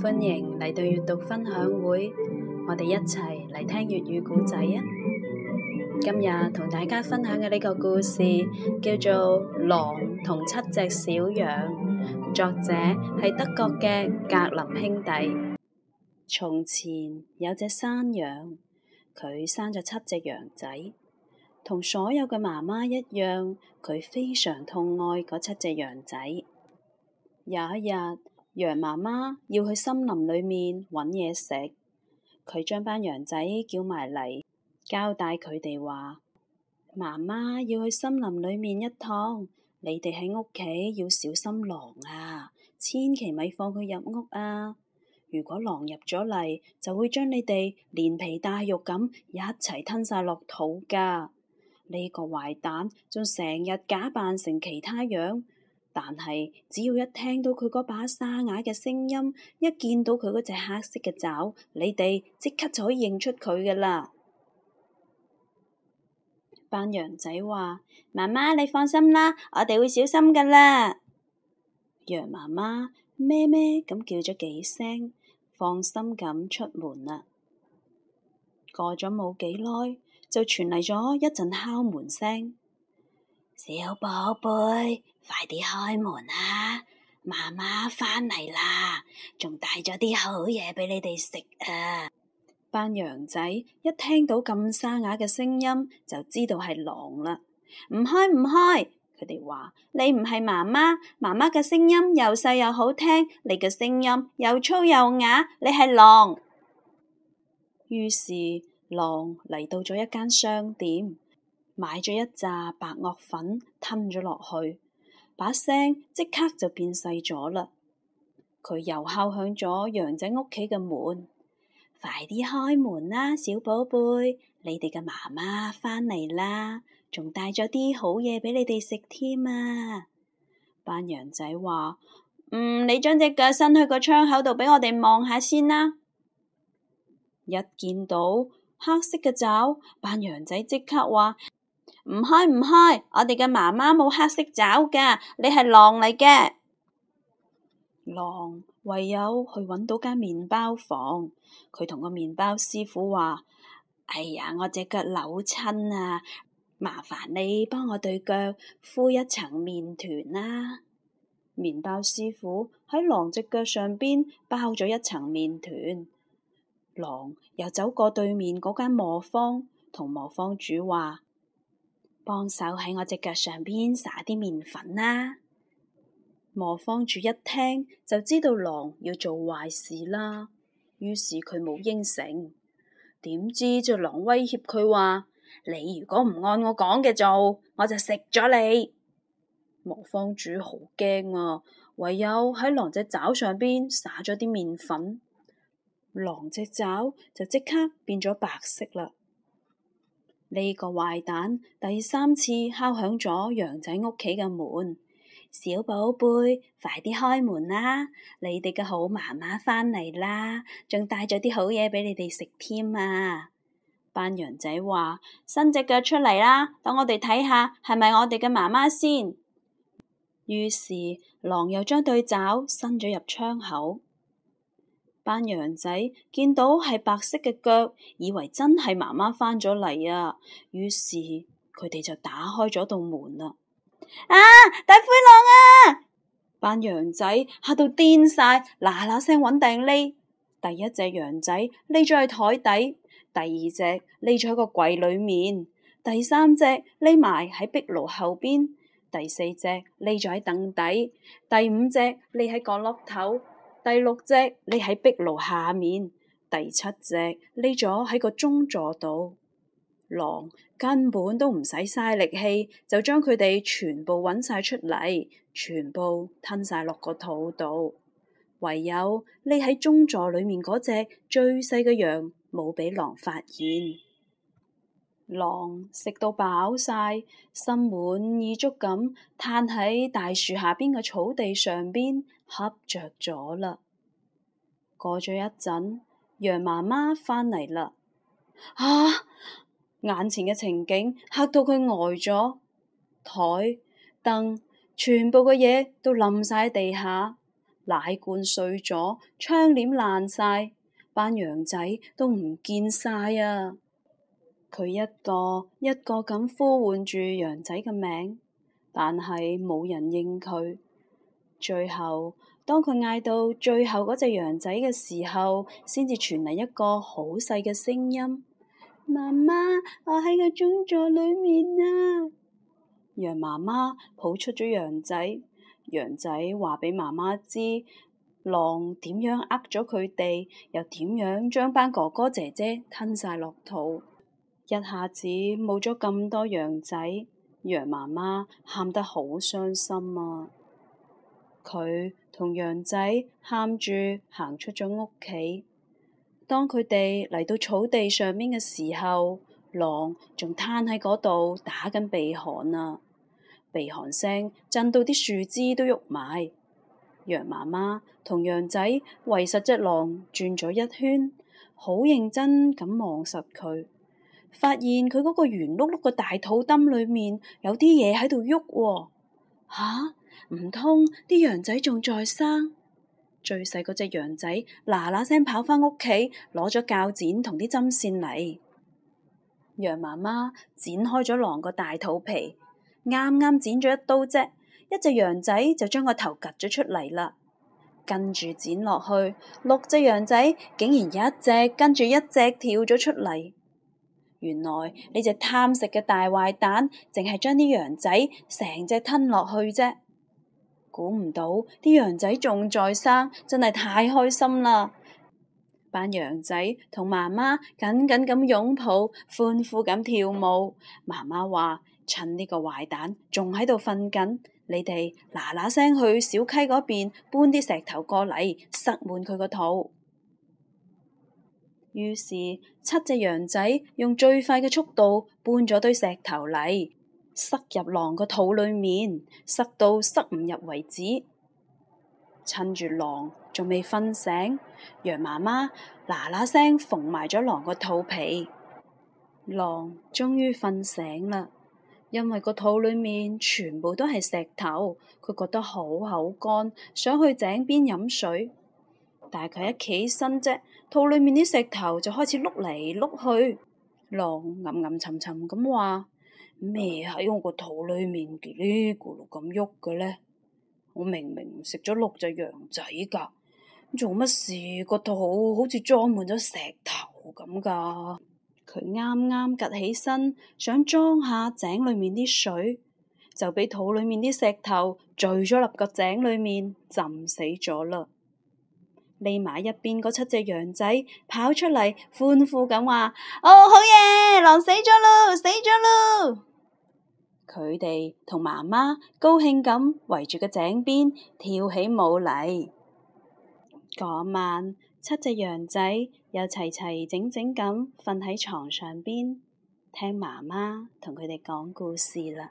歡迎嚟到閱讀分享會，我哋一齊嚟聽粵語古仔啊！今日同大家分享嘅呢個故事叫做《狼同七隻小羊》，作者係德國嘅格林兄弟。從前有隻山羊，佢生咗七隻羊仔，同所有嘅媽媽一樣，佢非常痛愛嗰七隻羊仔。有一日，羊媽媽要去森林裏面揾嘢食，佢將班羊仔叫埋嚟，交代佢哋話：媽媽要去森林裏面一趟，你哋喺屋企要小心狼啊，千祈咪放佢入屋啊！如果狼入咗嚟，就會將你哋連皮帶肉咁一齊吞晒落肚噶。呢個壞蛋仲成日假扮成其他樣。但係，只要一聽到佢嗰把沙啞嘅聲音，一見到佢嗰隻黑色嘅爪，你哋即刻就可以認出佢㗎喇。班羊仔話：「媽媽，你放心啦，我哋會小心㗎喇。羊媽媽咩咩咁叫咗幾聲，放心咁出門啦。過咗冇幾耐，就傳嚟咗一陣敲門聲。小寶貝，快啲開門啊！媽媽返嚟啦，仲帶咗啲好嘢俾你哋食啊！班羊仔一聽到咁沙啞嘅聲音，就知道係狼啦！唔開唔開，佢哋話：你唔係媽媽，媽媽嘅聲音又細又好聽，你嘅聲音又粗又啞，你係狼！於是狼嚟到咗一間商店。買咗一紮白堊粉吞咗落去，把聲即刻就變細咗啦。佢又敲響咗羊仔屋企嘅門，快啲開門啦，小寶貝，你哋嘅媽媽返嚟啦，仲帶咗啲好嘢俾你哋食添啊！班羊仔話：嗯，你將隻腳伸去個窗口度，俾我哋望下先啦。一見到黑色嘅爪，班羊仔即刻話。唔開唔開，我哋嘅媽媽冇黑色爪㗎，你係狼嚟嘅。狼唯有去揾到間麵包房。佢同個麵包師傅話：哎呀，我隻腳扭親啊，麻煩你幫我對腳敷一層麵糰啦。麵包師傅喺狼隻腳上邊包咗一層麵糰，狼又走過對面嗰間磨坊，同磨坊主話。幫手喺我隻腳上邊撒啲麵粉啦。磨坊主一聽就知道狼要做壞事啦，於是佢冇應承，點知隻狼威脅佢話：「你如果唔按我講嘅做，我就食咗你」。磨坊主好驚啊，唯有喺狼隻爪上邊撒咗啲麵粉，狼隻爪就即刻變咗白色啦。呢個壞蛋第三次敲響咗羊仔屋企嘅門，小寶貝快啲開門啦！你哋嘅好媽媽返嚟啦，仲帶咗啲好嘢俾你哋食添啊！班羊仔話：伸隻腳出嚟啦，等我哋睇下係咪我哋嘅媽媽先。於是狼又將對爪伸咗入窗口。班羊仔見到係白色嘅腳，以為真係媽媽翻咗嚟啊！於是佢哋就打開咗道門啦。啊！大灰狼啊！班羊仔嚇到癲晒，嗱嗱聲揾定匿。第一隻羊仔匿咗喺台底，第二隻匿咗喺個櫃裏面，第三隻匿埋喺壁爐後邊，第四隻匿咗喺凳底，第五隻匿喺角落頭。第六隻匿喺壁爐下面，第七隻匿咗喺個中座度，狼根本都唔使嘥力氣，就將佢哋全部揾晒出嚟，全部吞晒落個肚度，唯有匿喺中座裏面嗰隻最細嘅羊冇俾狼發現。狼食到飽晒，心滿意足咁，攤喺大樹下邊嘅草地上邊，瞌着咗啦。過咗一陣，羊媽媽翻嚟啦，吓、啊！眼前嘅情景嚇到佢呆咗，台凳全部嘅嘢都冧晒喺地下，奶罐碎咗，窗簾爛晒，班羊仔都唔見晒啊！佢一個一個咁呼喚住羊仔嘅名，但係冇人應佢。最後，當佢嗌到最後嗰隻羊仔嘅時候，先至傳嚟一個好細嘅聲音：媽媽，我喺個鐘座裏面啊！羊媽媽抱出咗羊仔，羊仔話俾媽媽知狼點樣呃咗佢哋，又點樣將班哥哥姐姐吞晒落肚。一下子冇咗咁多羊仔，羊媽媽喊得好傷心啊！佢同羊仔喊住行出咗屋企。當佢哋嚟到草地上面嘅時候，狼仲攤喺嗰度打緊鼻鼾啊！鼻鼾聲震到啲樹枝都郁埋。羊媽媽同羊仔圍實隻狼轉咗一圈，好認真咁望實佢。發現佢嗰個圓碌碌個大肚墩裏面有啲嘢喺度喐，吓唔通啲羊仔仲在生？最細嗰隻羊仔嗱嗱聲跑返屋企，攞咗鉸剪同啲針線嚟。羊媽媽剪開咗狼個大肚皮，啱啱剪咗一刀啫，一隻羊仔就將個頭夾咗出嚟啦。跟住剪落去，六隻羊仔竟然有一隻跟住一隻跳咗出嚟。原來呢隻貪食嘅大壞蛋，淨係將啲羊仔成隻吞落去啫。估唔到啲羊仔仲在生，真係太開心啦！班羊仔同媽媽緊緊咁擁抱，歡呼咁跳舞。媽媽話：趁呢個壞蛋仲喺度瞓緊，你哋嗱嗱聲去小溪嗰邊搬啲石頭過嚟，塞滿佢個肚。於是七隻羊仔用最快嘅速度搬咗堆石頭嚟，塞入狼個肚裏面，塞到塞唔入為止。趁住狼仲未瞓醒，羊媽媽嗱嗱聲縫埋咗狼個肚皮。狼終於瞓醒啦，因為個肚裏面全部都係石頭，佢覺得好口乾，想去井邊飲水。但係佢一企身啫，肚裏面啲石頭就開始碌嚟碌去。狼吟吟沉沉咁話：咩喺我個肚裏面嘰哩咕嚕咁喐嘅咧？我明明食咗六隻羊仔噶，做乜事個肚好似裝滿咗石頭咁噶？佢啱啱趷起身想裝下井裏面啲水，就俾肚裏面啲石頭墜咗落個井裏面，浸死咗啦。匿埋一邊嗰七隻羊仔跑出嚟，歡呼咁話：哦，好嘢，狼死咗咯，死咗咯！佢哋同媽媽高興咁圍住個井邊跳起舞嚟。嗰晚，七隻羊仔又齊齊整整咁瞓喺床上邊，聽媽媽同佢哋講故事啦。